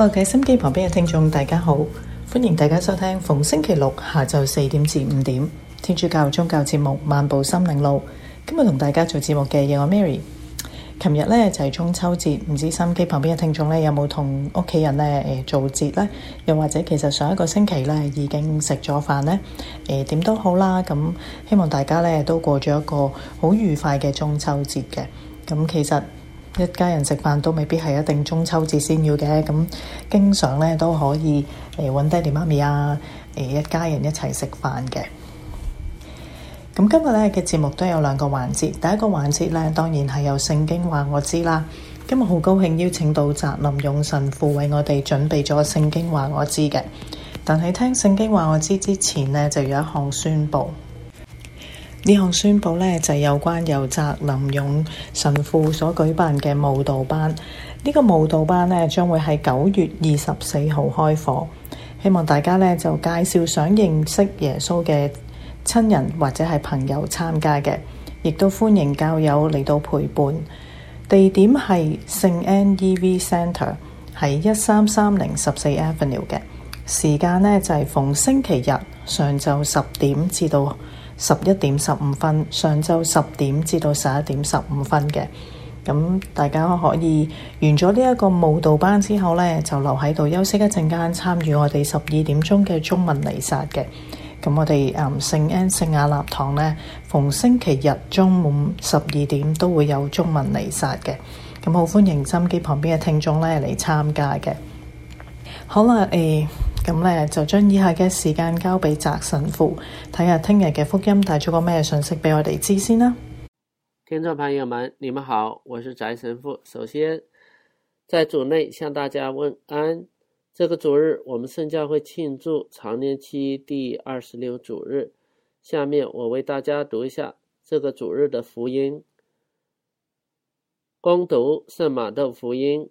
各位心機旁邊嘅聽眾，大家好，歡迎大家收聽逢星期六下晝四點至五點天主教宗教節目《漫步心靈路》。今日同大家做節目嘅係我 Mary。琴日咧就係中秋節，唔知心機旁邊嘅聽眾咧有冇同屋企人咧誒做節咧？又或者其實上一個星期咧已經食咗飯咧？誒，點都好啦。咁希望大家咧都過咗一個好愉快嘅中秋節嘅。咁其實。一家人食飯都未必係一定中秋節先要嘅，咁經常咧都可以誒搵爹哋媽咪啊，誒一家人一齊食飯嘅。咁今日咧嘅節目都有兩個環節，第一個環節咧當然係有《聖經話我知》啦。今日好高興邀請到澤林勇神父為我哋準備咗《聖經話我知》嘅，但係聽《聖經話我知》之前咧就有一項宣布。呢項宣布呢，就係有關由澤林勇神父所舉辦嘅慕道班。呢、這個慕道班呢，將會喺九月二十四號開課，希望大家呢，就介紹想認識耶穌嘅親人或者係朋友參加嘅，亦都歡迎教友嚟到陪伴。地點係聖 N.E.V. Centre，係一三三零十四 Avenue 嘅。時間呢，就係、是、逢星期日上晝十點至到十一點十五分，上晝十點至到十一點十五分嘅，咁大家可以完咗呢一個舞蹈班之後呢，就留喺度休息一陣間，參與我哋十二點鐘嘅中文彌撒嘅。咁我哋誒、嗯、聖安聖亞納堂呢，逢星期日中午十二點都會有中文彌撒嘅，咁好歡迎收音機旁邊嘅聽眾呢嚟參加嘅。好啦，誒、欸。咁咧，你就將以下嘅時間交俾翟神父，睇下聽日嘅福音帶咗個咩信息畀我哋知先啦。聽眾朋友們，你們好，我是翟神父。首先，在主內向大家問安。這個主日，我們聖教會慶祝常年期第二十六主日。下面我為大家讀一下這個主日的福音。恭讀聖馬竇福音。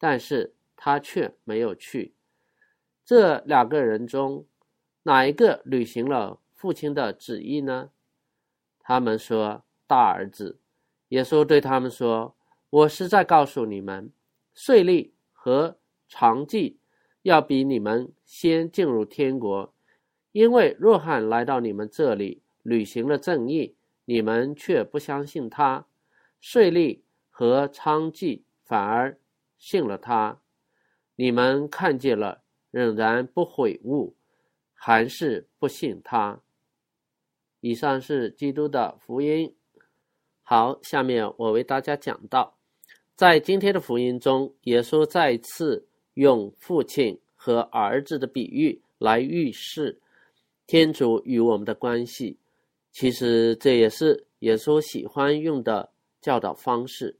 但是他卻沒有去。這兩個人中，哪一個履行了父親的旨意呢？他們說，大兒子。耶穌對他們說，我實在告訴你們，稅吏和娼妓要比你們先進入天國，因為若翰來到你們這裏，履行了正義，你們卻不相信他；稅吏和娼妓反而。信了他，你們看見了，仍然不悔悟，還是不信他。以上是基督的福音。好，下面我為大家講到，在今天的福音中，耶穌再次用父親和兒子的比喻來預示天主與我們的關係。其實這也是耶穌喜歡用的教導方式。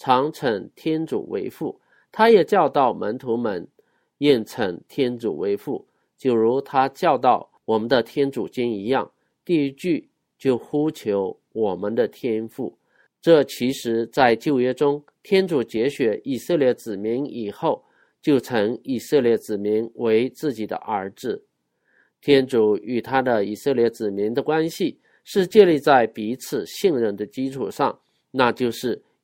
常稱天主為父，他也教導門徒們應稱天主為父，就如他教導我們的天主經一樣。第一句就呼求我們的天父，這其實在舊約中，天主揀選以色列子民以後，就稱以色列子民為自己的兒子。天主與他的以色列子民的關係是建立在彼此信任的基礎上，那就是。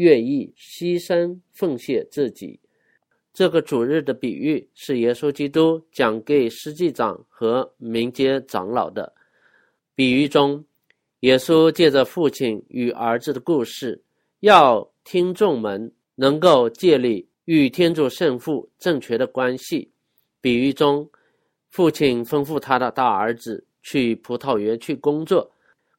願意犧牲奉獻自己，這個主日的比喻是耶穌基督講給司祭長和民間長老的。比喻中，耶穌借着父親與兒子的故事，要聽眾們能夠建立與天主聖父正確的關係。比喻中，父親吩咐他的大兒子去葡萄園去工作。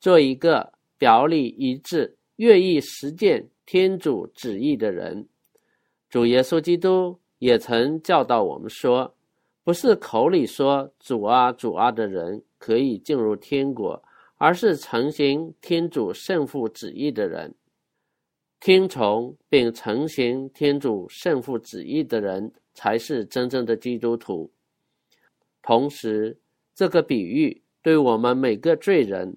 做一個表裏一致、願意實踐天主旨意的人，主耶穌基督也曾教導我們說，不是口裏說主啊主啊的人可以進入天國，而是承行天主聖父旨意的人，聽從並承行天主聖父旨意的人才是真正的基督徒。同時，這個比喻對我們每個罪人。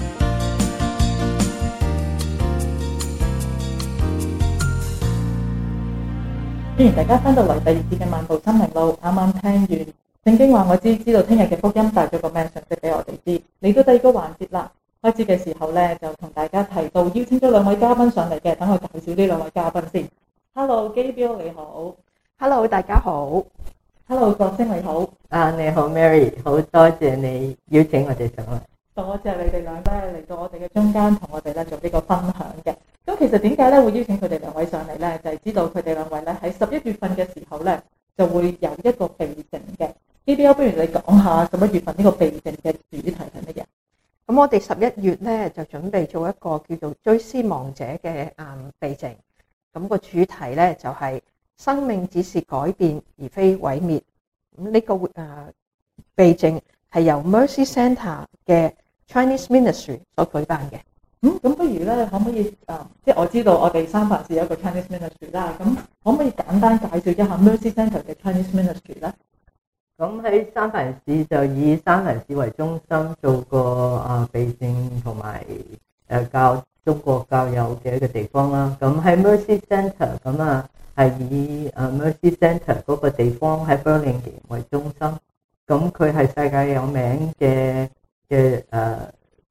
既然大家翻到嚟第二次嘅漫步心靈路，啱啱聽完聖經話我知，知道聽日嘅福音帶咗個 message 俾我哋知。嚟到第二個環節啦，開始嘅時候咧就同大家提到邀請咗兩位嘉賓上嚟嘅，等我介紹呢兩位嘉賓先。Hello Gabrielle 你好，Hello 大家好，Hello Gwojen，你好，啊你好 Mary 好，多謝你邀請我哋上嚟，多謝你哋兩位嚟到我哋嘅中間同我哋咧做呢個分享嘅。咁其實點解咧會邀請佢哋兩位上嚟咧？就係、是、知道佢哋兩位咧喺十一月份嘅時候咧就會有一個備證嘅。呢 b 不如你講下十一月份呢個備證嘅主題係乜嘢？咁我哋十一月咧就準備做一個叫做追思亡者嘅啊備證。咁、那個主題咧就係生命只是改變而非毀滅。咁呢個活啊備證係由 Mercy c e n t r 嘅 Chinese Ministry 所舉辦嘅。嗯，咁不如咧，可唔可以啊？即係我知道我哋三藩市有一個 Chinese ministry 啦。咁可唔可以簡單介紹一下 Mercy Centre 嘅 Chinese ministry 咧？咁喺三藩市就以三藩市為中心做個啊培訓同埋誒教中國教友嘅一個地方啦。咁喺 Mercy Centre，咁啊係以啊 Mercy Centre 嗰個地方喺 Burlingame 為中心。咁佢係世界有名嘅嘅誒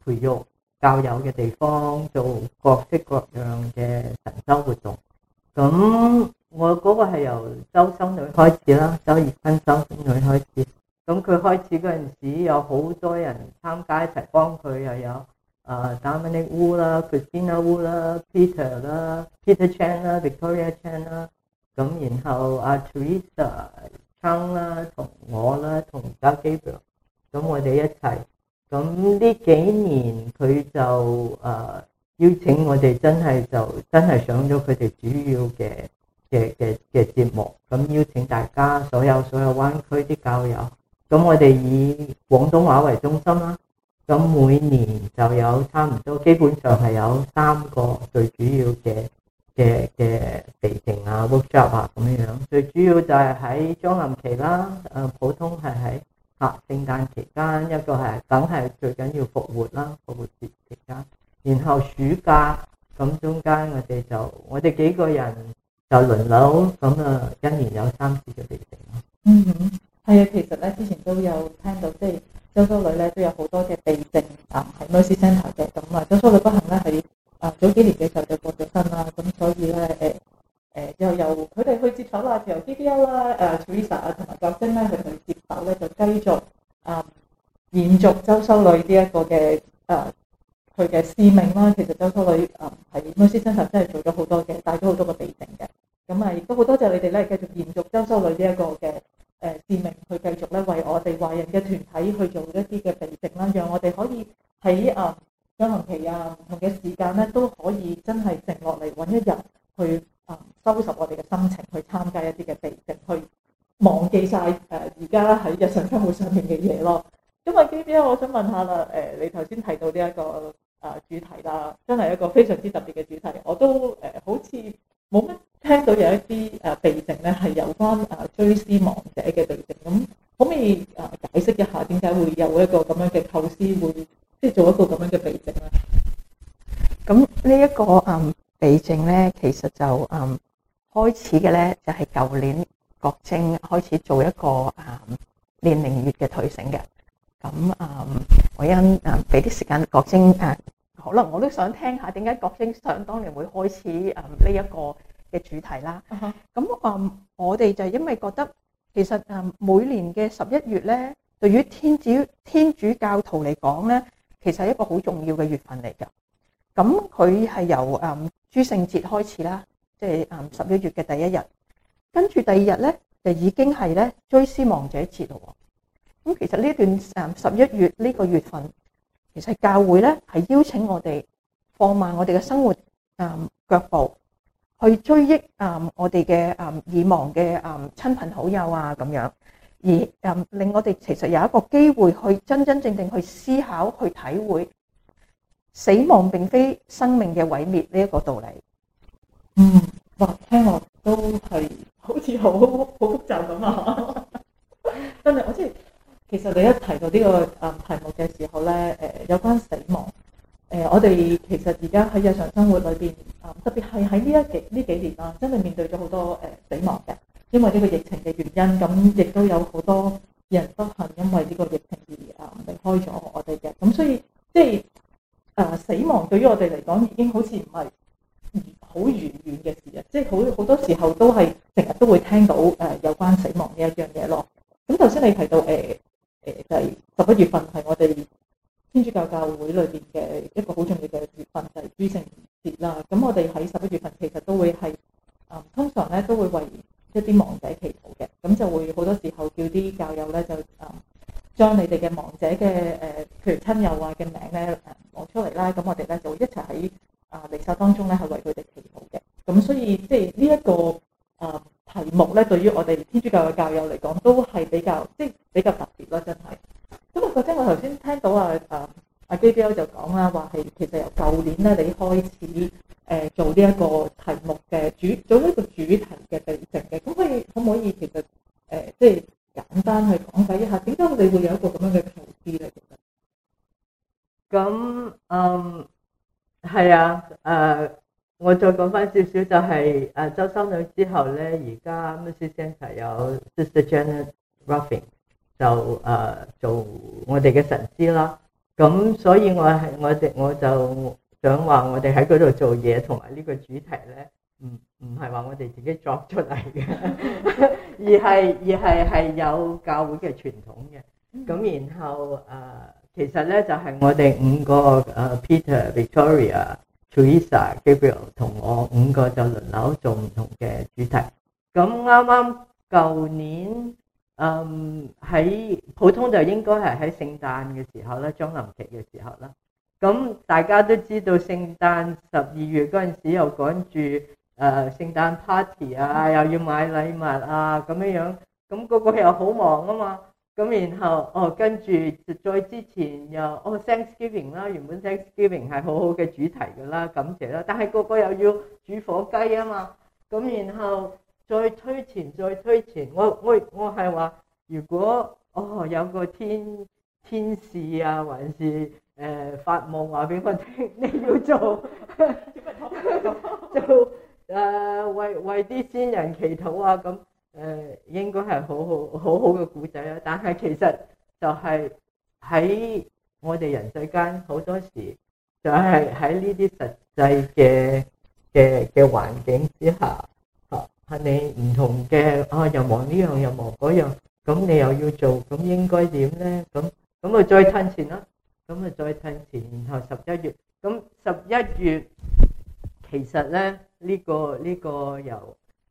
培育教友嘅地方做各式各樣嘅神州活動，咁我嗰個係由周生女開始啦，周怡坤生，生女開始。咁佢開始嗰陣時有好多人參加一齊幫佢又有，誒 Dominic Wu 啦、Christina Wu 啦、Peter 啦、Peter Chan 啦、Victoria Chan 啦，咁然後阿 Teresa Chan 啦、同我啦、同而家 Gabriel，咁我哋一齊。咁呢幾年佢就誒邀請我哋真係就真係上咗佢哋主要嘅嘅嘅嘅節目，咁邀請大家所有所有灣區啲教友，咁我哋以廣東話為中心啦，咁每年就有差唔多基本上係有三個最主要嘅嘅嘅地點啊、workshop 啊咁樣樣，最主要就係喺將臨期啦，誒普通係喺。啊，聖誕期間一個係梗係最緊要復活啦，復活節期間，然後暑假咁中間，我哋就我哋幾個人就輪流咁啊，一年有三次嘅避靜咯。嗯哼，係啊，其實咧之前都有聽到，即係周淑女咧都有好多嘅避靜啊，喺 Mercy Centre 嘅咁啊，周淑女不幸咧係啊早幾年嘅時候就過咗身啦，咁所以咧誒誒又由佢哋去接手啦，由 B B U 啦、啊 Teresa 啊同埋郭晶咧去接。嗱咧就繼續啊，延續周修女呢一個嘅誒，佢嘅使命啦。其實周修女誒喺牧師身上真係做咗好多嘅，帶咗好多個避靜嘅。咁啊，亦都好多謝你哋咧，繼續延續周修女呢一個嘅誒使，使命，去繼續咧為我哋華人嘅團體去做一啲嘅避靜啦，讓我哋可以喺誒將臨期啊唔同嘅時間咧都可以真係靜落嚟揾一日去誒收拾我哋嘅心情，去參加一啲嘅避靜去。忘記晒，誒而家喺日常生活上面嘅嘢咯。咁啊基 B 咧，我想問下啦，誒你頭先提到呢一個啊主題啦，真係一個非常之特別嘅主題。我都誒好似冇乜聽到有一啲啊避靜咧係有關啊追思亡者嘅避靜咁，可唔可以誒解釋一下點解會有一個咁樣嘅構思，會即係做一個咁樣嘅避靜啊？咁呢一個啊避靜咧，其實就嗯開始嘅咧就係舊年。國精開始做一個誒年齡月嘅退省嘅。咁，誒我因，誒俾啲時間國精誒，可能我都想聽下點解國精想當年會開始誒呢一個嘅主題啦。咁啊我哋就因為覺得其實誒每年嘅十一月咧，對於天主天主教徒嚟講咧，其實係一個好重要嘅月份嚟嘅。咁佢係由誒諸聖節開始啦，即係誒十一月嘅第一日。跟住第二日咧，就已經係咧追思亡者節咯。咁其實呢段誒十一月呢個月份，其實教會咧係邀請我哋放慢我哋嘅生活誒腳步，去追憶誒我哋嘅誒已亡嘅誒親朋好友啊，咁樣而誒令我哋其實有一個機會去真真正正去思考、去體會死亡並非生命嘅毀滅呢一個道理。嗯，哇！聽我都係～好似好好複雜咁啊！真係， 我知其實你一提到呢個誒題目嘅時候咧，誒有關死亡，誒我哋其實而家喺日常生活裏邊，特別係喺呢一幾呢幾年啊，真係面對咗好多誒死亡嘅，因為呢個疫情嘅原因，咁亦都有好多人不幸因為呢個疫情而啊離開咗我哋嘅，咁所以即係誒死亡對於我哋嚟講已經好似唔係。好遠遠嘅事啊！即係好好多時候都係成日都會聽到誒有關死亡呢一樣嘢咯。咁頭先你提到誒誒、呃呃、就係十一月份係我哋天主教教會裏邊嘅一個好重要嘅月份，就係諸聖節啦。咁我哋喺十一月份其實都會係啊，通常咧都會為一啲亡者祈禱嘅，咁就會好多時候叫啲教友咧就啊，將你哋嘅亡者嘅譬如親友啊嘅名咧講出嚟啦。咁我哋咧就會一齊喺。啊！彌撒當中咧，係為佢哋祈禱嘅。咁所以即係呢一個啊題目咧，對於我哋天主教嘅教友嚟講，都係比較即係、就是、比較特別咯，真係。咁啊，覺得我頭先聽到話，啊啊 Gaby 就講啦，話係其實由舊年咧你開始誒、呃、做呢一個題目嘅主做呢個主題嘅定程嘅。咁可以可唔可以其實誒即係簡單去講解一下，點解我哋會有一個咁樣嘅構思咧？咁嗯。Um 係啊，誒、呃，我再講翻少少就係、是、誒、呃，周生女之後咧，而家 Mrs. Center 有 Sister Janet Ruffing 就誒、呃、做我哋嘅神師啦。咁所以我係我哋我就想話我哋喺嗰度做嘢同埋呢個主題咧，唔唔係話我哋自己作出嚟嘅， 而係而係係有教會嘅傳統嘅。咁然後誒。呃其實咧就係我哋五個誒，Peter、Victoria、Teresa、Gabrielle 同我五個就輪流做唔同嘅主題。咁啱啱舊年誒喺普通就應該係喺聖誕嘅時候啦，張林劇嘅時候啦。咁大家都知道聖誕十二月嗰陣時又趕住誒聖誕 party 啊，又要買禮物啊咁樣樣，咁個個又好忙啊嘛。咁然後哦，跟住再之前又哦，Thanksgiving 啦，原本 Thanksgiving 係好好嘅主題噶啦，感謝啦。但係個個又要煮火雞啊嘛。咁然後再推前，再推前，我我我係話如果哦有個天天使啊，還是誒發夢話俾我聽，你要做 做誒、呃、為為啲先人祈禱啊咁。誒，應該係好好好好嘅古仔啦，但係其實就係喺我哋人世間好多時就係喺呢啲實際嘅嘅嘅環境之下，吓係你唔同嘅啊，又忙呢樣又忙嗰樣，咁你又要做，咁應該點咧？咁咁啊，再褪前啦，咁啊，再褪前。然後十一月，咁十一月其實咧呢個呢個由。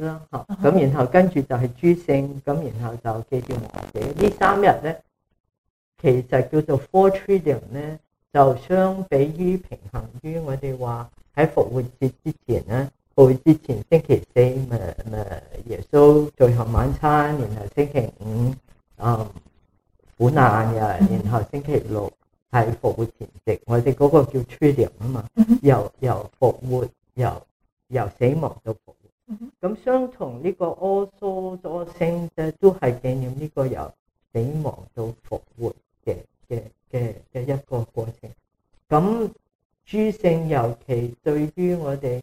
啦，吓咁，然後跟住就係諸聖，咁然後就記住我哋呢三日咧，其實叫做 Triduum 咧，就相比於平衡於我哋話喺復活節之前咧，復活節前星期四咪咪耶穌最後晚餐，然後星期五嗯苦難日，然後星期六係復活前夕，我哋個叫 Triduum 啊嘛，由由復活由由死亡到復活。咁、嗯、相同呢、這個阿蘇佐聖啫，都係紀念呢個由死亡到復活嘅嘅嘅嘅一個過程。咁諸聖尤其對於我哋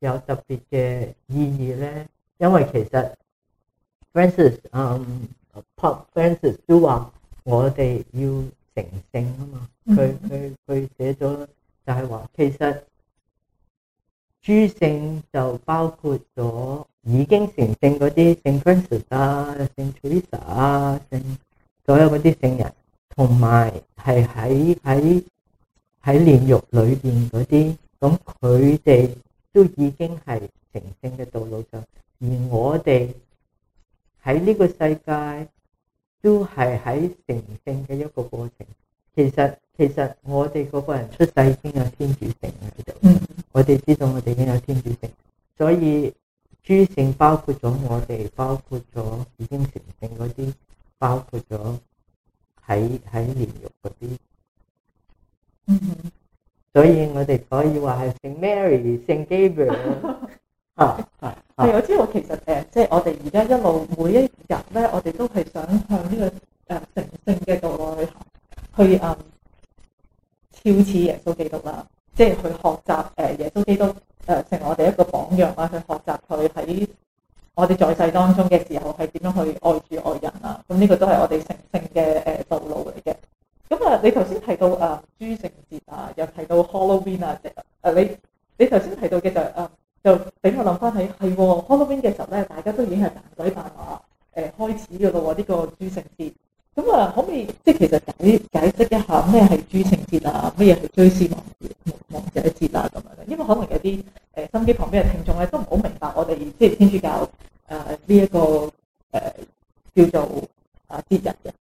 有特別嘅意義咧，因為其實 Francis，嗯、um,，Pope Francis 都話我哋要成聖啊嘛。佢佢佢寫咗就係話，其實。諸聖就包括咗已經成聖嗰啲聖芬莎啊、聖崔莎啊、聖所有嗰啲聖人，同埋係喺喺喺煉獄裏邊嗰啲，咁佢哋都已經係成聖嘅道路上，而我哋喺呢個世界都係喺成聖嘅一個過程。其實其實我哋嗰個人出世已經有天主城喺度，嗯、哼我哋知道我哋已經有天主城，所以諸聖包括咗我哋，包括咗已經成聖嗰啲，包括咗喺喺煉獄嗰啲。嗯哼所以我哋可以話係聖 Mary、聖 Gabriel 啊， 啊我知。我其實誒，即係我哋而家一路每一日咧，我哋都係想向呢個誒成聖嘅道路去行。去誒超似耶穌基督啦，即係去學習誒耶穌基督誒成為我哋一個榜樣啦，去學習佢喺我哋在世當中嘅時候係點樣去愛住愛人啊！咁呢個都係我哋成聖嘅誒道路嚟嘅。咁啊，你頭先提到啊，諸聖節啊，又提到 Halloween 啊，即誒你你頭先提到嘅就誒、係啊，就俾我諗翻起係喎 Halloween 嘅時候咧，大家都已經係扮鬼扮馬誒開始嘅咯喎，呢、呢個諸聖節。咁啊，可唔可以即係其實解解釋一下咩係諸聖節啊？咩嘢係追思亡節亡者節啊？咁樣咧，因為可能有啲誒身邊旁邊嘅聽眾咧都唔好明白我哋即係天主教誒呢一個誒叫做啊節日嘅。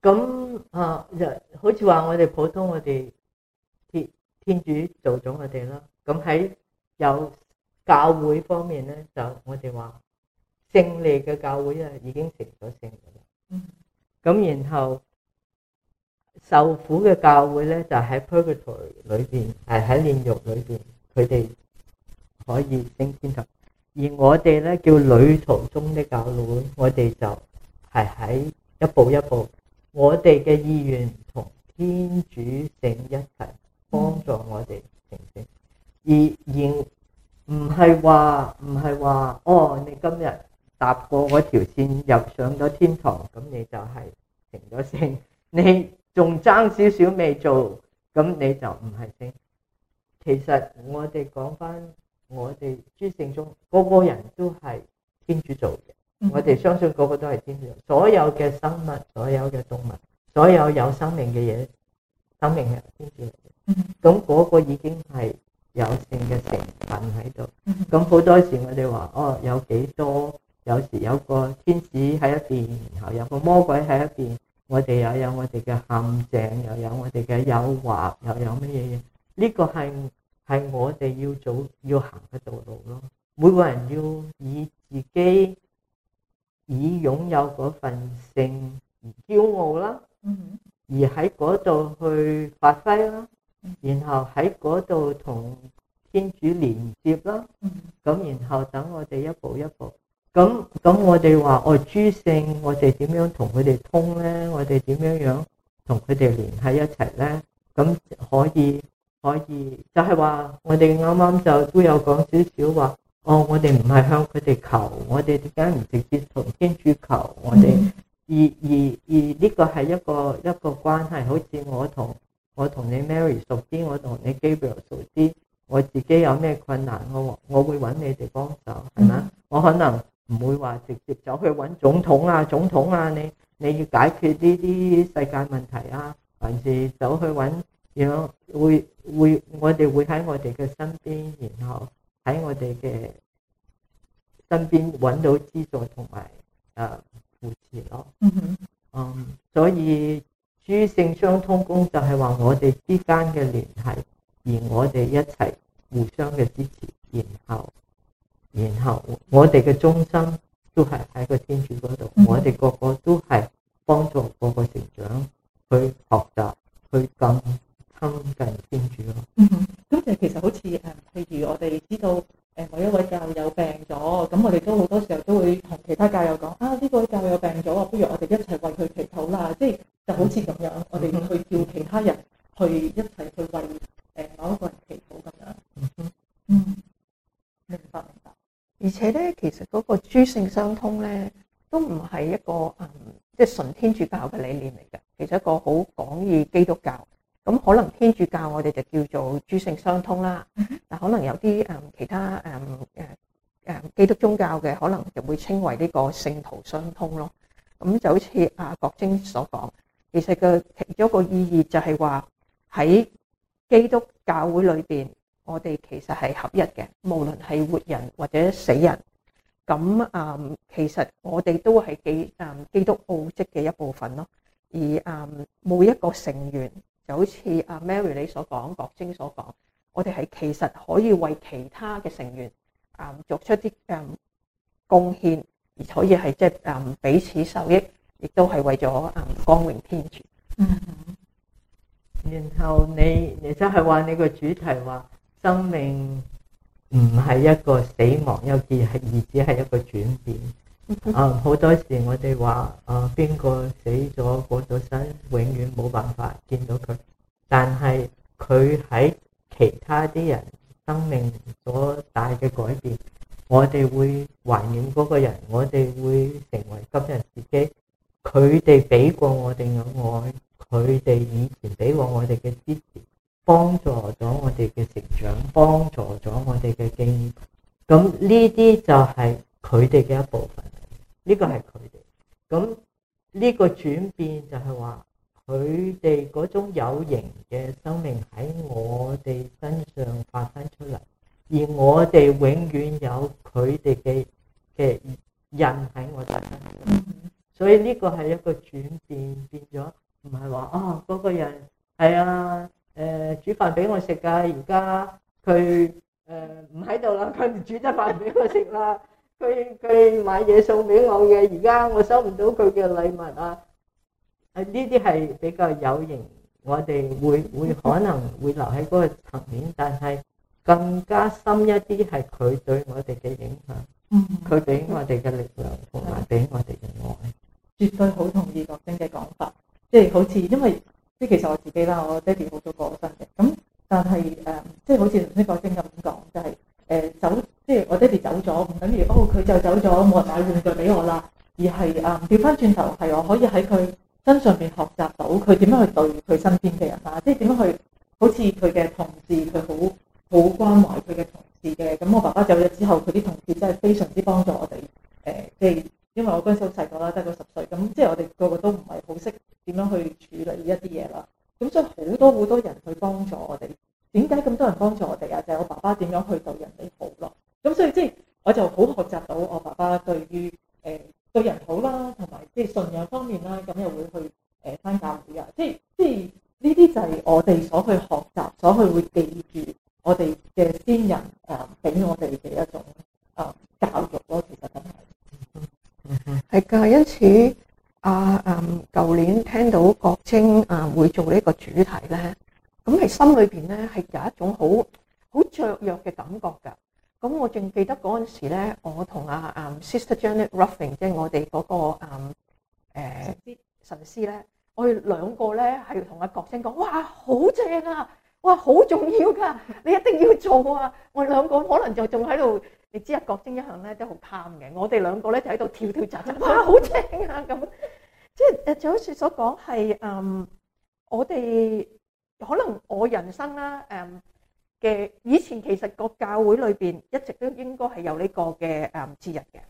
咁啊、嗯呃，好似話我哋普通我哋天天主做咗我哋啦。咁喺有教會方面咧，就我哋話勝利嘅教會啊，已經成咗聖嘅咁然後受苦嘅教會咧，就喺 Purgatory 裏邊，係喺煉獄裏邊，佢哋可以升天堂。而我哋咧叫旅途中的教會，我哋就係喺一步一步，我哋嘅意願同天主聖一齊幫助我哋成聖。而然唔係話唔係話，哦你今日。踏過嗰條線入上咗天堂，咁你就係成咗聖，你仲爭少少未做，咁你就唔係聖。其實我哋講返，我哋諸聖中個個人都係天主做嘅。我哋相信個個都係天主做。所有嘅生物，所有嘅動物，所有有生命嘅嘢，生命係天主嚟嘅。咁、嗰個已經係有聖嘅成分喺度。咁好多時我哋話哦，有幾多？有時有個天使喺一邊，然後有個魔鬼喺一邊，我哋又有我哋嘅陷阱，又有我哋嘅誘惑，又有乜嘢嘢？呢、這個係係我哋要做要行嘅道路咯。每個人要以自己以擁有嗰份性而驕傲啦，而喺嗰度去發揮啦，然後喺嗰度同天主連接啦，咁然後等我哋一步一步。咁咁、哦，我哋話我諸聖，我哋點樣同佢哋通咧？我哋點樣樣同佢哋聯繫一齊咧？咁可以可以，就係話我哋啱啱就都有講少少話。哦，我哋唔係向佢哋求，我哋點解唔直接同天主求？我哋而而而呢個係一個一個關係，好似我同我同你 Mary 熟啲，我同你 Gabriel 熟啲，我自己有咩困難，我我會揾你哋幫手，係咪？Mm hmm. 我可能。唔會話直接走去揾總統啊，總統啊，你你要解決呢啲世界問題啊，還是走去揾，咁會會我哋會喺我哋嘅身邊，然後喺我哋嘅身邊揾到資助同埋誒扶持咯。嗯哼、mm，嗯、hmm.，um, 所以諸聖相通功就係話我哋之間嘅聯繫，而我哋一齊互相嘅支持，然後。然後我哋嘅中心都係喺個天主嗰度，嗯、哼我哋個個都係幫助個個成長，去學習，去咁親近天主咯。咁就、嗯、其實好似誒，譬如我哋知道誒某一位教友病咗，咁我哋都好多時候都會同其他教友講啊，呢、這個教友病咗啊，不如我哋一齊為佢祈禱啦，即、就、係、是、就好似咁樣，嗯、哼我哋去叫其他人去一齊去為。而且咧，其實嗰個諸聖相通咧，都唔係一個嗯，即、就、係、是、純天主教嘅理念嚟嘅，其實一個好廣義基督教。咁、嗯、可能天主教我哋就叫做諸聖相通啦，但可能有啲誒、嗯、其他誒誒誒基督宗教嘅，可能就會稱為呢個聖徒相通咯。咁、嗯、就好似阿國精所講，其實佢其中一個意義就係話喺基督教會裏邊。我哋其實係合一嘅，無論係活人或者死人，咁啊、嗯，其實我哋都係幾啊基督奧體嘅一部分咯。而啊、嗯、每一個成員，就好似阿 Mary 你所講，郭晶所講，我哋係其實可以為其他嘅成員啊作、嗯、出啲啊貢獻，而、嗯、可以係即啊、嗯、彼此受益，亦都係為咗啊、嗯、光榮天主。嗯、哼然後你你真係話你個主題話。生命唔係一個死亡，又係，而只係一個轉變。啊，好多時我哋話啊，邊個死咗過咗身，永遠冇辦法見到佢。但係佢喺其他啲人生命所帶嘅改變，我哋會懷念嗰個人，我哋會成為今日自己。佢哋俾過我哋嘅愛，佢哋以前俾過我哋嘅支持。幫助咗我哋嘅成長，幫助咗我哋嘅經驗，咁呢啲就係佢哋嘅一部分。呢個係佢哋，咁呢個轉變就係話，佢哋嗰種有形嘅生命喺我哋身上發生出嚟，而我哋永遠有佢哋嘅嘅人喺我哋身上。所以呢個係一個轉變，變咗唔係話哦，嗰個人係啊。誒、呃，煮飯俾我食噶，而家佢誒唔喺度啦，佢、呃、唔煮得飯俾我食啦，佢佢買嘢送俾我嘅，而家我收唔到佢嘅禮物啊！誒，呢啲係比較有型，我哋會會可能會留喺嗰個層面，但係更加深一啲係佢對我哋嘅影響，佢俾 我哋嘅力量同埋俾我哋嘅愛。 絕對好同意國貞嘅講法，即係 好似因為。即係其實我自己啦，我爹哋好早過身嘅。咁但係誒，即係好似林先生咁講，就係、是、誒、就是欸、走，即係我爹哋走咗，唔等於哦佢就走咗，冇人買玩具俾我啦，而係誒調翻轉頭係我可以喺佢身上邊學習到佢點樣去對佢身邊嘅人啊，即係點樣去好似佢嘅同事，佢好好關懷佢嘅同事嘅。咁我爸爸走咗、哦就是、之後，佢啲同事真係非常之幫助我哋，誒即係。欸就是因為我嗰陣時好細個啦，得個十歲，咁即係我哋個個都唔係好識點樣去處理一啲嘢啦。咁所以好多好多人去幫助我哋。點解咁多人幫助我哋啊？就係我爸爸點樣去對人哋好咯。咁所以即係我就好學習到我爸爸對於誒對人好啦，同埋即係信仰方面啦，咁又會去誒返教會啊。即係即係呢啲就係我哋所去學習，所去會記住我哋嘅先人啊，俾我哋嘅一種啊教育咯。其實真係。係噶，因此阿嗯舊年聽到國青啊會做呢個主題咧，咁係心裏邊咧係有一種好好雀躍嘅感覺噶。咁我仲記得嗰陣時咧，我同阿嗯 Sister Janet Ruffing，即係我哋嗰個嗯誒神師咧，我哋兩個咧係同阿國青講，哇，好正啊！哇，好重要噶！你一定要做啊！我哋兩個可能就仲喺度，你知啊，國精一向咧都好貪嘅。我哋兩個咧就喺度跳跳震，哇，好正啊！咁即係誒，就好似所講係誒，我哋可能我人生啦誒嘅以前，其實個教會裏邊一直都應該係有呢個嘅誒節日嘅。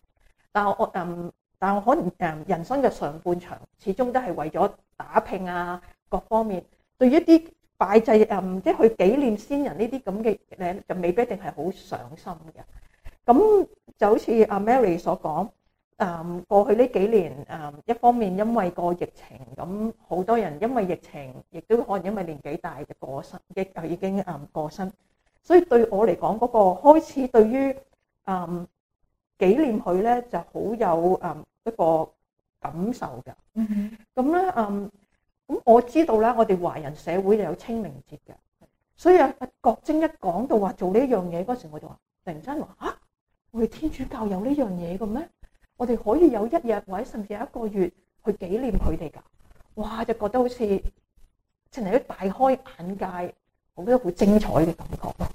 但係我誒，但係我可能誒，人生嘅上半場始終都係為咗打拼啊，各方面對於一啲。拜祭啊，即係去紀念先人呢啲咁嘅，誒就未必一定係好上心嘅。咁就好似阿 Mary 所講，誒過去呢幾年，誒一方面因為個疫情，咁好多人因為疫情，亦都可能因為年紀大就過身，亦已經誒過身。所以對我嚟講，嗰個開始對於誒紀念佢咧，就好有誒一個感受嘅。咁咧，誒。咁、嗯、我知道啦，我哋華人社會就有清明節嘅，所以阿、啊、郭晶一講到話做呢樣嘢嗰時，我就話突然間話，我哋天主教有呢樣嘢嘅咩？我哋可以有一日或者甚至係一個月去紀念佢哋噶。哇！就覺得好似淨係一大開眼界，我覺得好精彩嘅感覺咯。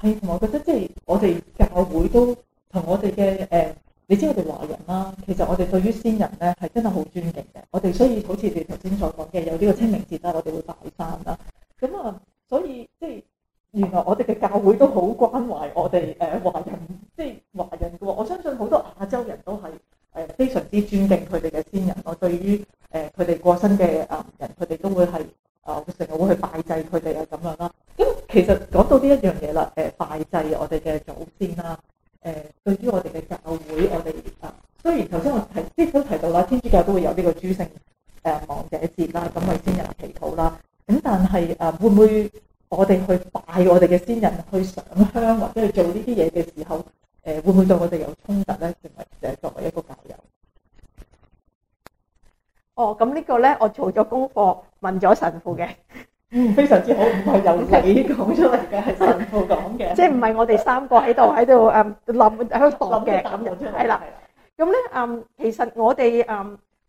係同埋覺得即係我哋教會都同我哋嘅誒。呃你知我哋華人啦，其實我哋對於先人咧係真係好尊敬嘅。我哋所以好似你頭先所講嘅，有呢個清明節啦，我哋會拜山啦。咁啊，所以即係原來我哋嘅教會都好關懷我哋誒華人，即係華人嘅。我相信好多亞洲人都係誒非常之尊敬佢哋嘅先人。我對於誒佢哋過身嘅啊人，佢哋都會係啊成日會去拜祭佢哋啊咁樣啦。咁其實講到呢一樣嘢啦，誒拜祭我哋嘅祖先啦。都會有呢個諸聖誒亡者節啦，咁為先人祈禱啦。咁但係誒會唔會我哋去拜我哋嘅先人去上香或者去做呢啲嘢嘅時候，誒會唔會對我哋有衝突咧？成為誒作為一個教友？哦，咁呢個咧，我做咗功課問咗神父嘅。嗯，非常之好，唔係由你講出嚟嘅，係 神父講嘅。即係唔係我哋三個喺度喺度誒諗喺度諗嘅咁樣。係啦了，咁咧誒，其實我哋誒。嗯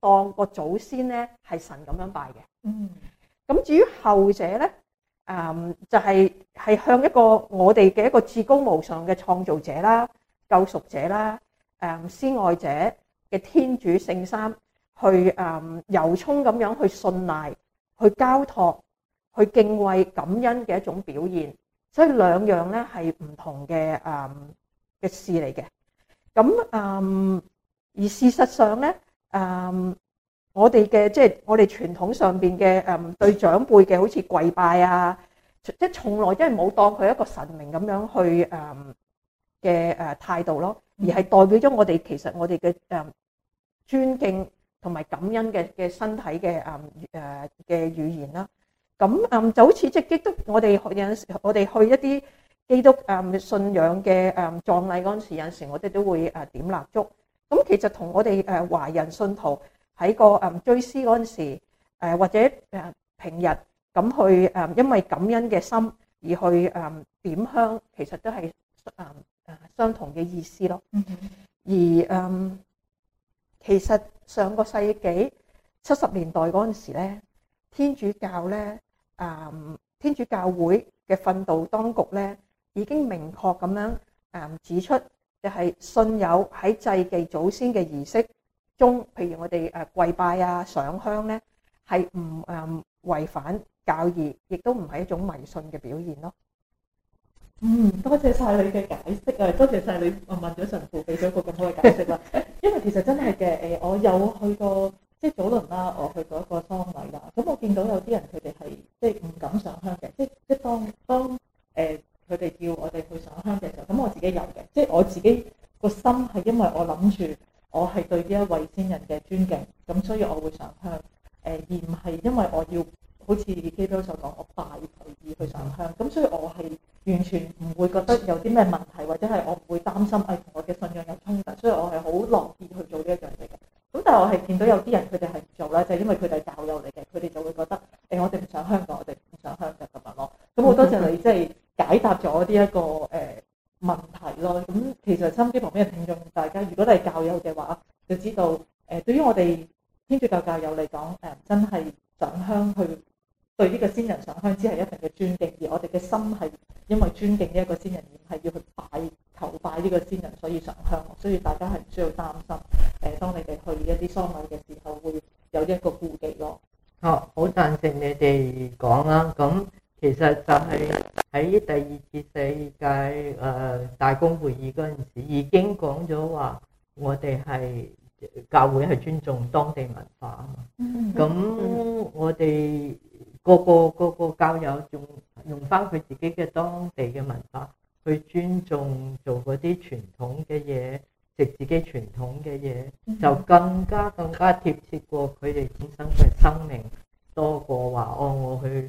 當個祖先咧係神咁樣拜嘅，嗯，嗯，咁至於後者咧，誒，就係係向一個我哋嘅一個至高無上嘅創造者啦，救贖者啦，誒，嗯，施愛者嘅天主聖三去誒，嗯，由衷咁樣去信賴，去交託，去敬畏，感恩嘅一種表現，所以兩樣咧係唔同嘅誒嘅事嚟嘅，咁，嗯，誒，而事實上咧。誒，um, 我哋嘅即係我哋傳統上邊嘅誒，um, 對長輩嘅好似跪拜啊，即係從來都係冇當佢一個神明咁樣去誒嘅誒態度咯，而係代表咗我哋其實我哋嘅誒尊敬同埋感恩嘅嘅身體嘅誒誒嘅語言啦。咁、嗯、誒就好似即係基督，我哋去有陣時，我哋去一啲基督誒信仰嘅誒葬禮嗰陣時，有陣時我哋都會誒點蠟燭。咁其實同我哋誒華人信徒喺個誒追思嗰陣時，誒或者誒平日咁去誒，因為感恩嘅心而去誒點香，其實都係誒誒相同嘅意思咯。而誒其實上個世紀七十年代嗰陣時咧，天主教咧誒天主教會嘅訓導當局咧已經明確咁樣誒指出。就係信友喺祭祀祖先嘅儀式中，譬如我哋誒跪拜啊、上香咧，係唔誒違反教義，亦都唔係一種迷信嘅表現咯。嗯，多謝晒你嘅解釋啊！多謝晒你，我問咗神父，俾咗個咁好嘅解釋啦。 因為其實真係嘅，誒，我有去過即係早輪啦，我去過一個喪禮啦。咁我見到有啲人佢哋係即係唔敢上香嘅，即即當當誒。欸佢哋叫我哋去上香嘅時候，咁我自己有嘅，即係我自己個心係因為我諗住我係對呢一位先人嘅尊敬，咁所以我會上香，誒，而唔係因為我要好似基督教所講我拜佢而去上香，咁所以我係完全唔會覺得有啲咩問題，或者係我唔會擔心誒同，哎，我嘅信仰有衝突，所以我係好樂意去做呢一樣嘢嘅。咁但係我係見到有啲人佢哋係唔做啦，就係因為佢哋係教友嚟嘅，佢哋就會覺得誒、欸、我哋唔上香嘅，我哋唔上香嘅咁樣咯。咁好多謝你即係。 解答咗呢一個誒問題咯。咁其實心機旁邊嘅聽眾，大家如果都係教友嘅話，就知道誒對於我哋天主教教友嚟講，誒真係上香去對呢個先人上香，只係一定嘅尊敬。而我哋嘅心係因為尊敬呢一個先人，而係要去拜叩拜呢個先人，所以上香。所以大家係唔需要擔心誒，當你哋去一啲喪禮嘅時候，會有啲一個顧忌咯。哦、啊，好贊成你哋講啦。咁。其實就係喺第二次世界誒大公會議嗰陣時，已經講咗話，我哋係教會係尊重當地文化。咁我哋個個個個教友仲用返佢自己嘅當地嘅文化，去尊重做嗰啲傳統嘅嘢，食自己傳統嘅嘢，就更加更加貼切過佢哋本身嘅生命多過話哦，我去。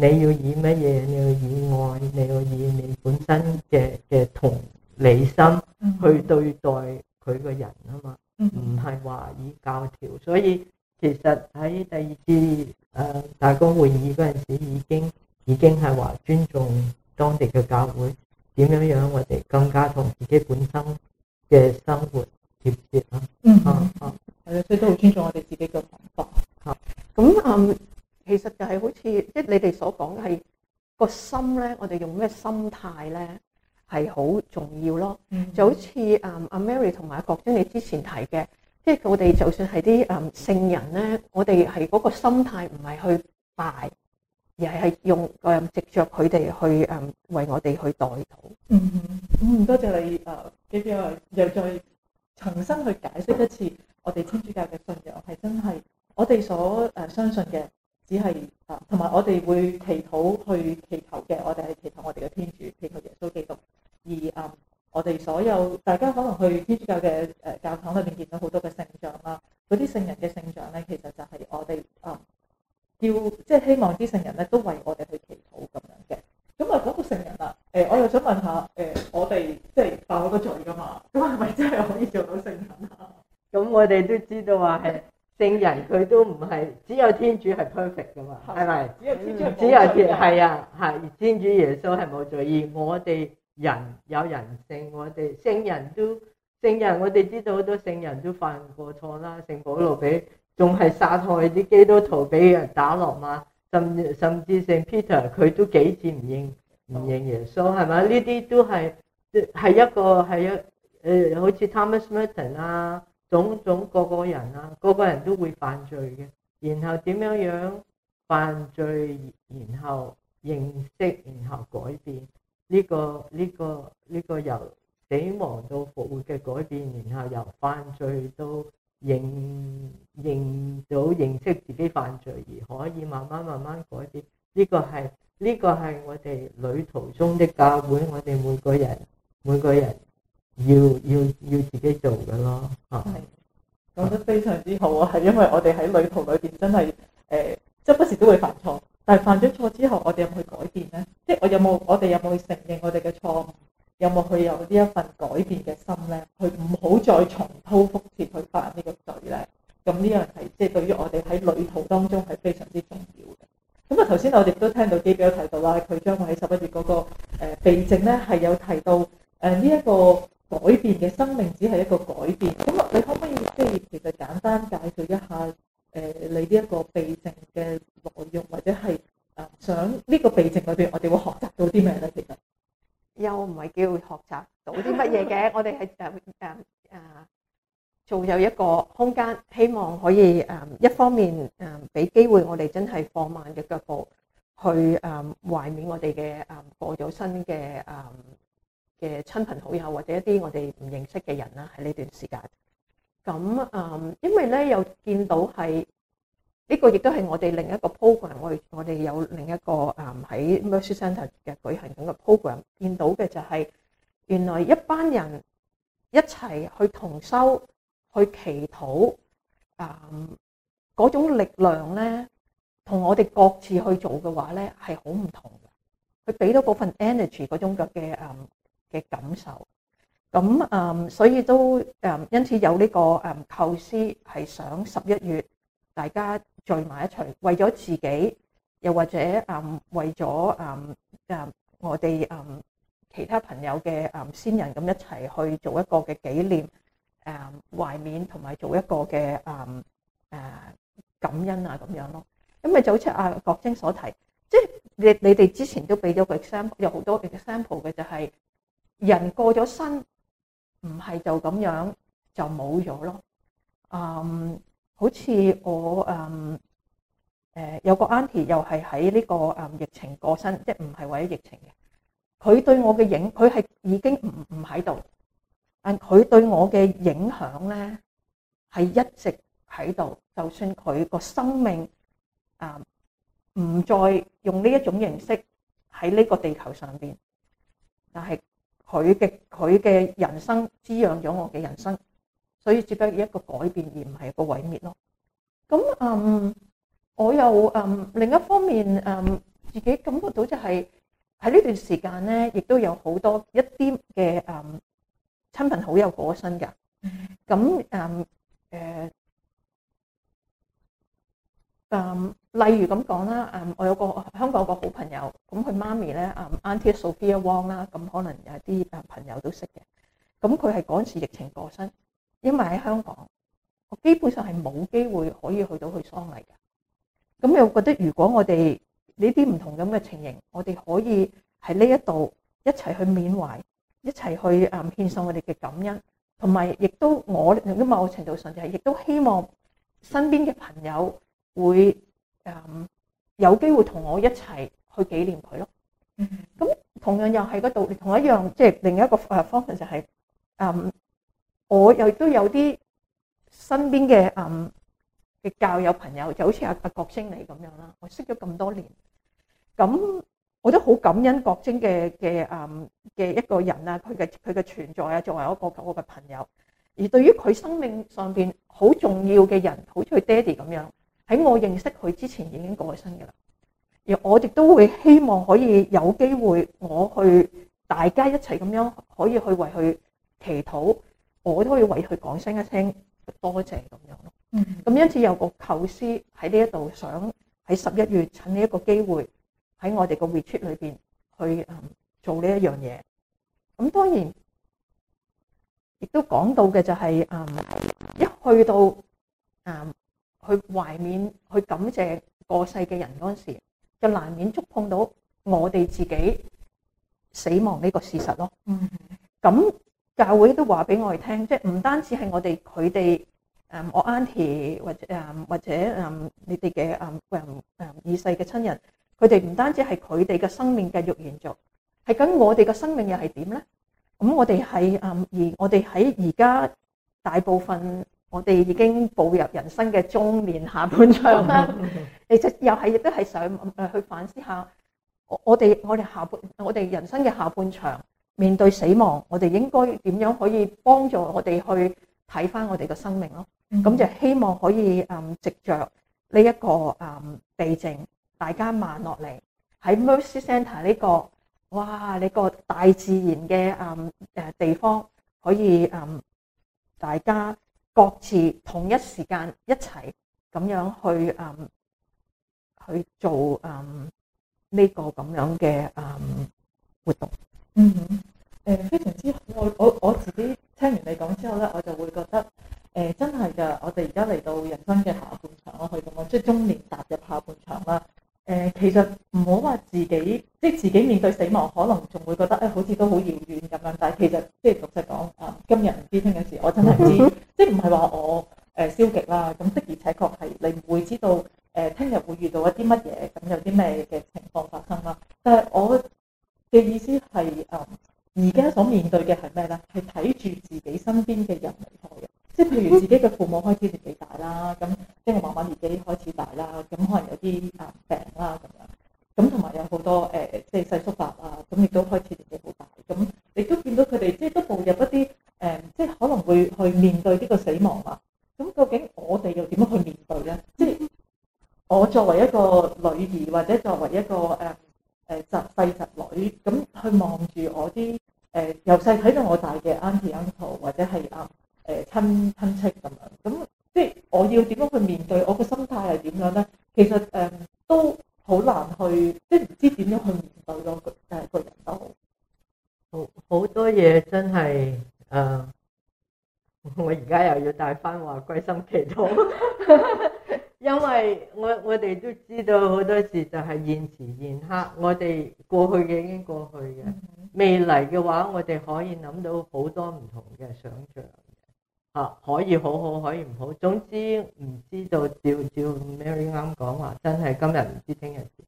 你要以乜嘢？你要以愛，你要以你本身嘅嘅同理心去對待佢個人啊嘛，唔係話以教條。所以其實喺第二次誒大公會議陣時已經已經係話尊重當地嘅教會點樣樣，我哋更加同自己本身嘅生活貼切啦、啊。嚇嚇、mm，係、hmm. 啊，啊，所以都好尊重我哋自己嘅感覺嚇。咁啊的～其實就係好似即係你哋所講嘅係個心咧，我哋用咩心態咧係好重要咯。 就好似啊啊 Mary 同埋郭晶，你之前提嘅，即係我哋就算係啲嗯聖人咧，我哋係嗰個心態唔係去拜，而係係用啊藉著佢哋去嗯為我哋去代禱。嗯嗯，嗯 多謝你啊，幾多又再重新去解釋一次我哋天主教嘅信仰係真係我哋所誒相信嘅。只係啊，同埋我哋會祈禱去祈求嘅，我哋係祈求我哋嘅天主，祈求耶穌基督。而啊、嗯，我哋所有大家可能去天主教嘅誒教堂裏邊見到好多嘅聖像啦，嗰啲聖人嘅聖像咧，其實就係我哋啊、嗯，要即係、就是、希望啲聖人咧都為我哋去祈禱咁樣嘅。咁啊講到聖人啦，誒我又想問下誒、嗯、我哋即係犯好多罪㗎嘛，咁係咪真係可以做到聖人啊？咁我哋都知道話係。聖人佢都唔係，只有天主係 perfect 噶嘛，係咪？嗯？吧只有天主係啊，係天主耶穌係冇罪，意。我哋人有人性，我哋聖人都聖人，我哋知道好多聖人都犯過錯啦。聖保羅俾仲係殺害啲基督徒俾人打落馬，甚至甚至聖 Peter 佢都幾次唔認唔認耶穌，係咪？呢啲都係係一個係一，誒、呃，好似 Thomas Merton 啊。種種個個人啊，個個人都會犯罪嘅，然後點樣樣犯罪，然後認識，然後改變呢個呢個呢個由死亡到復活嘅改變，然後由犯罪到認認到認識自己犯罪而可以慢慢慢慢改變，呢個係呢個係我哋旅途中的教會，我哋每個人每個人。要要要自己做嘅咯，嚇，係，講得非常之好啊！係因為我哋喺旅途裏邊真係誒，即、呃、係不時都會犯錯，但係犯咗錯之後，我哋有冇去改變咧？即係我有冇我哋有冇去承認我哋嘅錯誤，有冇去有呢一份改變嘅心咧？去唔好再重蹈覆轍去犯呢個罪咧？咁呢樣係即係對於我哋喺旅途當中係非常之重要嘅。咁啊，頭先我哋都聽到機票提到啦，佢將會喺十一月嗰個誒備證咧係有提到誒呢一個。呃這個改變嘅生命只係一個改變，咁啊，你可唔可以即係其實簡單介紹一下誒、呃、你呢一個備症嘅內容，或者係誒想呢個備症裏邊，我哋會學習到啲咩咧？其實又唔係叫學習到啲乜嘢嘅。 我哋係誒誒誒做有、啊啊、一個空間，希望可以誒、啊、一方面誒俾、啊、機會我哋真係放慢嘅腳步去誒、啊、懷緬我哋嘅誒過咗身嘅誒。啊嘅親朋好友或者一啲我哋唔認識嘅人啦，喺呢段時間咁啊、嗯，因為咧又見到係呢、這個亦都係我哋另一個 program，我我哋有另一個啊喺、嗯、Mercy Centre 嘅舉行咁嘅 program，見到嘅就係、是、原來一班人一齊去同修去祈禱啊，嗰、嗯、種力量咧同我哋各自去做嘅話咧係好唔同嘅，佢俾到嗰份 energy 嗰種嘅嘅啊。嗯嘅感受，咁啊，所以都誒，因此有呢個誒構思，係想十一月大家聚埋一齊，為咗自己，又或者誒、嗯、為咗誒誒我哋誒、嗯、其他朋友嘅誒、嗯、先人咁一齊去做一個嘅紀念誒、嗯、懷緬同埋做一個嘅誒誒感恩啊咁樣咯。咁咪就好似阿郭晶所提，即係你你哋之前都俾咗個 example，有好多 example 嘅就係。人過咗身，唔係就咁樣就冇咗咯。嗯，好似我誒誒有個 aunty 又係喺呢個誒疫情過身，即係唔係為咗疫情嘅。佢對我嘅影，佢係已經唔唔喺度，但佢對我嘅影響咧係一直喺度。就算佢個生命誒唔再用呢一種形式喺呢個地球上邊，但係。佢嘅佢嘅人生滋養咗我嘅人生，所以只不一個改變，而唔係一個毀滅咯。咁嗯，我又嗯另一方面嗯，自己感覺到就係喺呢段時間咧，亦都有好多一啲嘅嗯親朋好友過身噶。咁嗯誒嗯。例如咁講啦，誒，我有個香港有個好朋友，咁佢媽咪咧，誒，Auntie Sophia Wong 啦，咁可能有啲誒朋友都識嘅。咁佢係嗰陣時疫情過身，因為喺香港，我基本上係冇機會可以去到佢喪禮嘅。咁又覺得如果我哋呢啲唔同咁嘅情形，我哋可以喺呢一度一齊去緬懷，一齊去誒獻上我哋嘅感恩，同埋亦都我喺某程度上就係亦都希望身邊嘅朋友會。嗯，um, 有機會同我一齊去紀念佢咯。咁同樣又喺嗰度，同一樣，樣，即係另一個誒 function 就係、是，嗯、um,，我又都有啲身邊嘅誒嘅教友朋友，就好似阿阿郭星你咁樣啦。我識咗咁多年，咁我都好感恩郭星嘅嘅誒嘅一個人啊，佢嘅佢嘅存在啊，作為一個我嘅朋友。而對於佢生命上邊好重要嘅人，好似佢爹哋咁樣。喺我認識佢之前已經過咗身嘅啦，而我哋都會希望可以有機會，我去大家一齊咁樣可以去為佢祈禱，我都可以為佢講聲一聲多謝咁樣咯。嗯、mm，咁、hmm. 因此有個構思喺呢一度，想喺十一月趁呢一個機會喺我哋個 retreat 裏邊去做呢一樣嘢。咁、嗯、當然亦都講到嘅就係、是，嗯，一去到，嗯。去懷緬、去感謝過世嘅人嗰時，就難免觸碰到我哋自己死亡呢個事實咯。咁、嗯嗯嗯、教會都話俾我哋聽，即係唔單止係我哋、佢哋誒，我阿姨或者誒，或者誒、嗯嗯，你哋嘅誒誒，二、嗯嗯、世嘅親人，佢哋唔單止係佢哋嘅生命繼續延續，係咁我哋嘅生命又係點咧？咁、嗯、我哋喺誒，而我哋喺而家大部分。我哋已經步入人生嘅中年下半場啦、嗯，其實又係亦都係想誒去反思下，我哋我哋下半我哋人生嘅下半場面對死亡，我哋應該點樣可以幫助我哋去睇翻我哋嘅生命咯。咁、嗯、就希望可以誒、嗯、藉著呢一個誒地靜，大家慢落嚟喺 Mercy Center 呢、這個哇，呢、這個大自然嘅誒、嗯呃、地方可以誒、嗯、大家。各自同一時間一齊咁樣去誒去做誒呢個咁樣嘅誒活動。嗯，誒、嗯這個嗯嗯，非常之好，我我我自己聽完你講之後咧，我就會覺得誒、嗯、真係㗎，我哋而家嚟到人生嘅下半場啦，去咁啊，即係中年踏入下半場啦。誒，其實唔好話自己，即係自己面對死亡，可能仲會覺得誒、哎，好似都好遙遠咁樣。但係其實即係老實講，啊，今日唔知聽日事，我真係唔知， 即係唔係話我誒消極啦。咁，的而且確係你唔會知道誒，聽日會遇到一啲乜嘢，咁有啲咩嘅情況發生啦。但係我嘅意思係，誒，而家所面對嘅係咩咧？係睇住自己身邊嘅人離開，即係譬如自己嘅父母開始年紀大啦，咁。開始大啦，咁可能有啲癌病啦咁樣，咁同埋有好多誒、呃，即係細叔伯啊，咁亦都開始變得好大，咁、嗯、亦都見到佢哋，即係都步入一啲誒、呃，即係可能會去面對呢個死亡啊。咁、嗯、究竟我哋又點樣去面對咧？即係我作為一個女兒，或者作為一個誒誒侄細侄女，咁去望住我啲誒、呃、由細睇到我大嘅 aunty uncle，或者係啊誒親親戚咁。我要點樣去面對？我嘅心態係點樣咧？其實誒、呃、都好難去，即係唔知點樣去面對咯。誒個人都好，好多嘢真係誒、呃，我而家又要帶翻話歸心祈禱， 因為我我哋都知道好多事就係現時現刻，我哋過去嘅已經過去嘅，未嚟嘅話我哋可以諗到好多唔同嘅想像。啊！可以好好，可以唔好，總之唔知道。照照 Mary 啱，講話，真係今日唔知聽日事。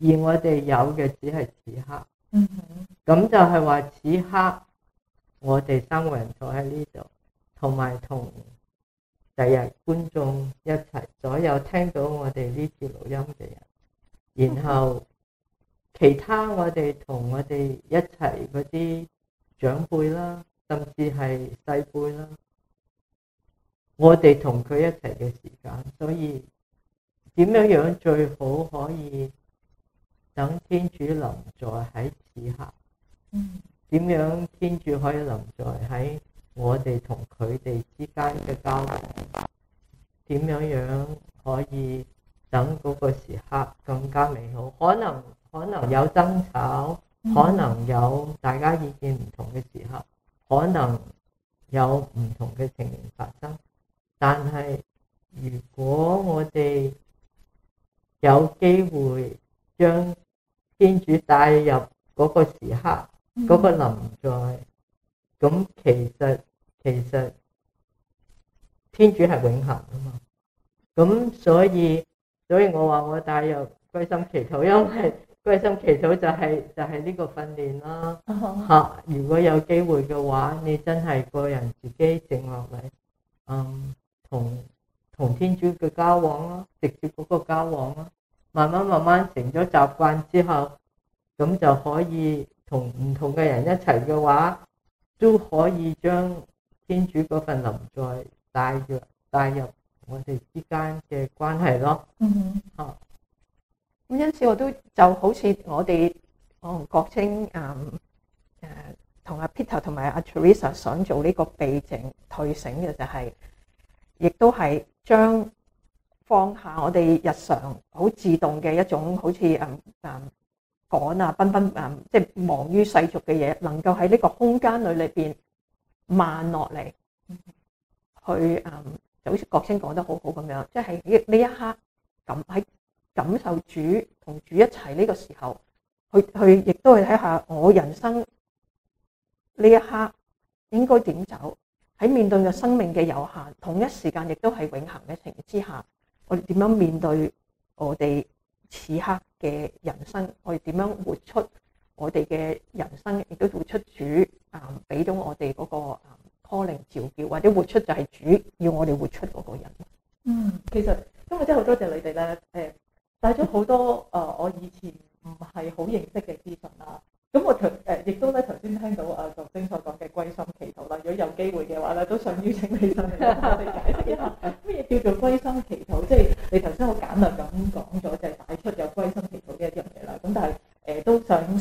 而我哋有嘅只係此刻，咁、mm hmm. 就係話此刻我哋三個人坐喺呢度，同埋同第日觀眾一齊所有聽到我哋呢次錄音嘅人，mm hmm. 然後其他我哋同我哋一齊嗰啲長輩啦，甚至係細輩啦。我哋同佢一齊嘅時間，所以點樣樣最好可以等天主臨在喺此刻。點樣天主可以臨在喺我哋同佢哋之間嘅交流？點樣樣可以等嗰個時刻更加美好？可能可能有爭吵，可能有大家意見唔同嘅時刻，可能有唔同嘅情形。機會將天主帶入嗰個時刻，嗰、mm hmm. 個臨在，咁其實其實天主係永恒啊嘛，咁所以所以我話我帶入歸心祈禱，因為歸心祈禱就係、是、就係、是、呢個訓練啦，吓、mm，hmm. 2 如果有機會嘅話，你真係個人自己靜落嚟，嗯，同同天主嘅交往啦、啊，直接嗰個交往啦、啊。慢慢慢慢成咗習慣之後，咁就可以同唔同嘅人一齊嘅話，都可以將天主嗰份臨在帶入帶入我哋之間嘅關係咯。Mm hmm. 嗯哼，哦，咁因此我都就好似我哋，哦國清誒，誒同阿 Peter 同埋阿 Teresa 想做呢個避靜退省嘅就係、是，亦都係將。放下我哋日常好自動嘅一種，好似嗯嗯趕啊，奔奔啊，即係忙於世俗嘅嘢，能夠喺呢個空間裏裏邊慢落嚟，去嗯，就好似郭青講得好好咁樣，即係呢呢一刻感喺感受主同主一齊呢個時候，去去亦都去睇下我人生呢一刻應該點走，喺面對嘅生命嘅有限，同一時間亦都係永恆嘅情形之下。我哋點樣面對我哋此刻嘅人生？我哋點樣活出我哋嘅人生？亦都活出主啊，俾到我哋嗰個 calling 召叫，或者活出就係主要我哋活出嗰個人。嗯，其實今日真係好多謝你哋啦，誒帶咗好多啊，我以前唔係好認識嘅資訊啦。咁我頭誒亦都咧頭先聽到啊，Gwojen 所講嘅歸心祈禱啦。如果有機會嘅話咧，都想邀請你上嚟。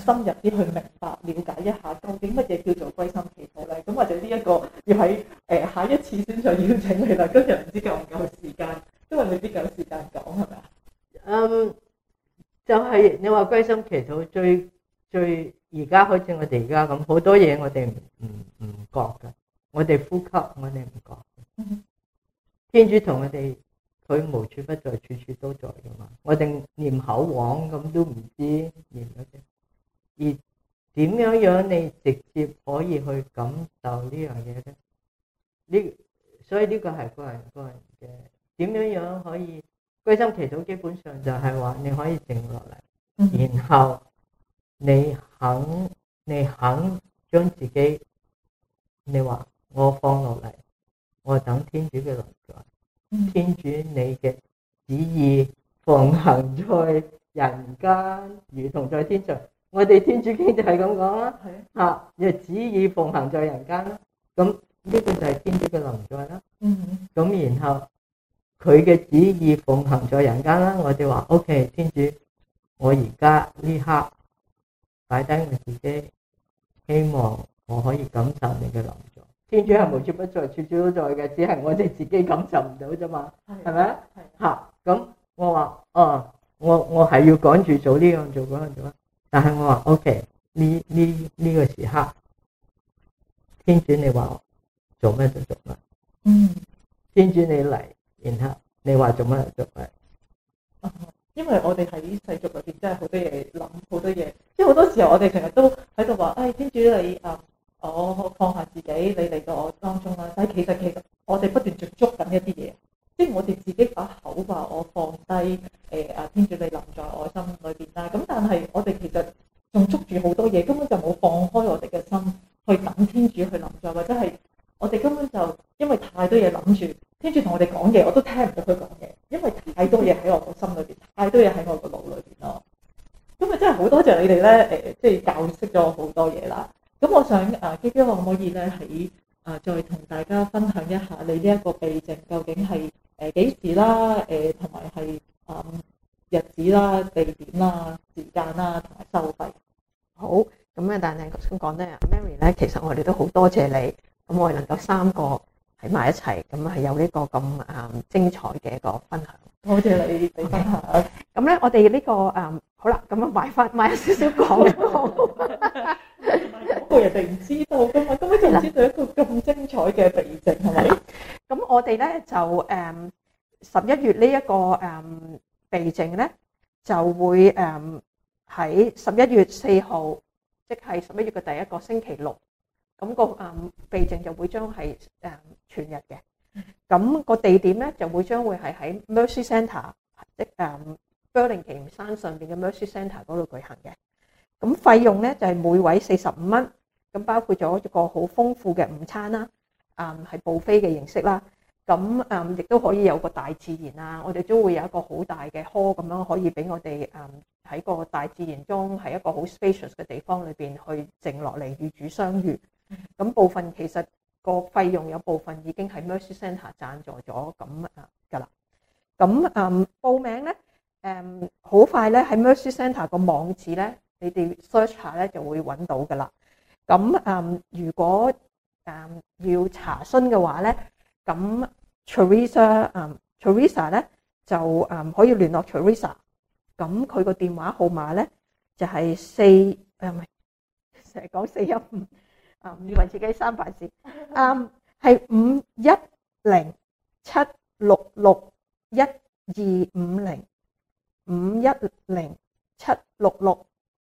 深入啲去明白、了解一下究竟乜嘢叫做歸心祈禱咧？咁或者呢一個要喺誒下一次先上邀請你啦。今日唔知夠唔夠時間，因為未必夠時間講係咪啊？嗯，就係、是、你話歸心祈禱最最而家好似我哋而家咁，好多嘢我哋唔唔唔覺嘅。我哋呼吸我哋唔覺。嗯、哼天主同我哋，佢無處不在，處處都在嘅嘛。我哋念口簧咁都唔知念乜嘢。而點樣樣你直接可以去感受呢樣嘢咧？呢，所以呢個係個人個人嘅點樣樣可以歸心祈禱？基本上就係話你可以靜落嚟，然後你肯你肯將自己，你話我放落嚟，我等天主嘅臨在，天主你嘅旨意奉行在人間，如同在天上。我哋天主經就係咁講啦，吓的，你嘅旨意奉行在人間啦，啊，咁呢個就係天主嘅臨在啦，咁然後佢嘅旨意奉行在人間啦，啊 啊，我哋話 O K，天主，我而家呢刻擺低我自己，希望我可以感受你嘅臨在。的天主係無處不在，處處都在嘅，只係我哋自己感受唔到啫嘛，係咪？吓，咁我話，哦，嗯嗯，我我係要趕住做呢樣做嗰樣做啊。但係我話 OK，呢呢呢個時刻，天主你話做咩就做咩。嗯，天常常、哎，天主你嚟，然後你話做咩就做咩。因為我哋喺世俗嗰邊真係好多嘢諗，好多嘢，即係好多時候我哋成日都喺度話，誒天主你啊，我放下自己，你嚟到我當中啦。但係其實其實我哋不斷著捉緊一啲嘢。即係我哋自己把口話我放低，誒啊天主你臨在我心裏邊啦，咁但係我哋其實仲捉住好多嘢，根本就冇放開我哋嘅心去等天主去臨在，或者係我哋根本就因為太多嘢諗住，天主同我哋講嘢我都聽唔到佢講嘢，因為太多嘢喺我個心裏邊，太多嘢喺我個腦裏邊咯。咁啊真係好多謝你哋咧，誒即係教識咗我好多嘢啦。咁、嗯、我想啊基基可唔可以咧喺？啊，再同大家分享一下你呢一個秘籍究竟係誒幾時啦？誒同埋係啊日子啦、地點啦、時間啦同埋收費。好咁咧，但係我想講咧，Mary 咧，其實我哋都好多謝你，咁我哋能夠三個喺埋一齊，咁係有呢個咁啊、嗯、精彩嘅一個分享。多謝你，Okay. 你分享。咁咧、這個，我哋呢個啊好啦，咁樣賣返賣一少少廣告。 嗰 個人哋唔知道噶嘛，根本就唔知道一個咁精彩嘅避靜係咪？咁 我哋咧就誒十一月呢一個誒避靜咧就會誒喺十一月四號，即係十一月嘅第一個星期六，咁、那個誒避靜就會將係誒全日嘅。咁、那個地點咧就會將會係喺 Mercy Center 即誒 Burlingame 山上邊嘅 Mercy Center 嗰度舉行嘅。咁費用咧就係、是、每位四十五蚊，咁包括咗一個好豐富嘅午餐啦，誒係報飛嘅形式啦。咁誒亦都可以有個大自然啊，我哋都會有一個好大嘅 hall 咁樣可以俾我哋誒喺個大自然中係一個好 spacious 嘅地方裏邊去靜落嚟與主相遇。咁部分其實個費用有部分已經係 Mercy Centre 贊助咗咁啊㗎啦。咁誒、嗯、報名咧誒好快咧喺 Mercy Centre 個網址咧。你哋 search 下咧，就會揾到噶啦。咁誒，如果誒要查詢嘅話咧，咁 Teresa 誒 Teresa 咧就誒可以聯絡 Teresa。咁佢個電話號碼咧就係四，誒唔係，成日講四一五啊，以為自己三藩市，啱係五一零七六六一二五零五一零七六六，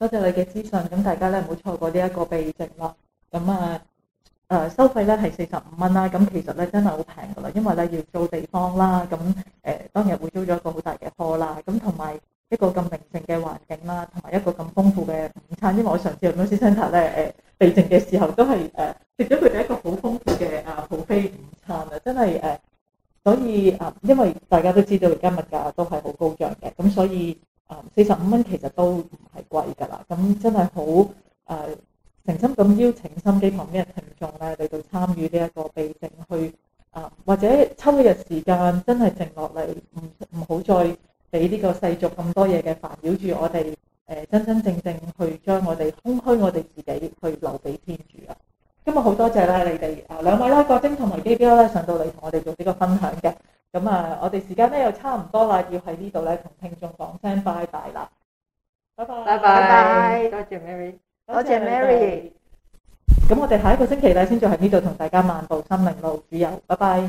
多謝你嘅資訊，咁大家咧唔好錯過呢一個避靜咯。咁啊，誒收費咧係四十五蚊啦。咁其實咧真係好平㗎啦，因為咧要租地方啦，咁誒當日會租咗一個好大嘅舖啦，咁同埋一個咁寧靜嘅環境啦，同埋一個咁豐富嘅午餐。因為我上次去公司 Centre 咧誒避靜嘅時候，都係誒食咗佢哋一個好豐富嘅啊 buffet 午餐啊，真係誒。所以啊，因為大家都知道而家物價都係好高漲嘅，咁所以啊，四十五蚊其實都～貴噶啦，咁真係好誒，誠、呃、心咁邀請心機旁邊嘅聽眾咧嚟到參與呢一個避靜去啊、呃，或者抽一日時間真係靜落嚟，唔唔好再俾呢個世俗咁多嘢嘅煩擾住我哋誒、呃，真真正正去將我哋空虛我哋自己去留俾天主啦。今日好多謝啦，你哋啊兩位啦，郭晶同埋 Gabrielle 咧上到嚟同我哋做呢個分享嘅。咁啊，我哋時間咧又差唔多啦，要喺呢度咧同聽眾講聲拜拜啦。拜拜拜拜，多謝 Bye Bye bye. Mary，多謝 Go check, Mary。咁 我哋下一個星期咧，先再喺呢度同大家漫步心靈路自由。拜拜。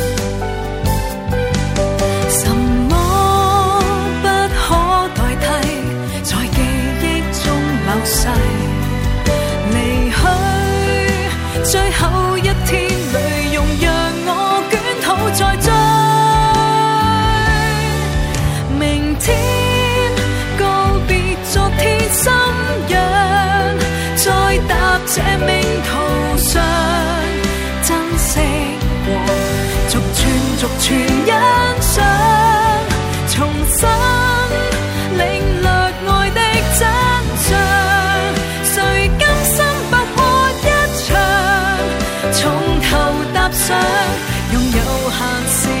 全欣賞，重新領略愛的真相。誰甘心白活一場，從頭踏上，擁有閒時。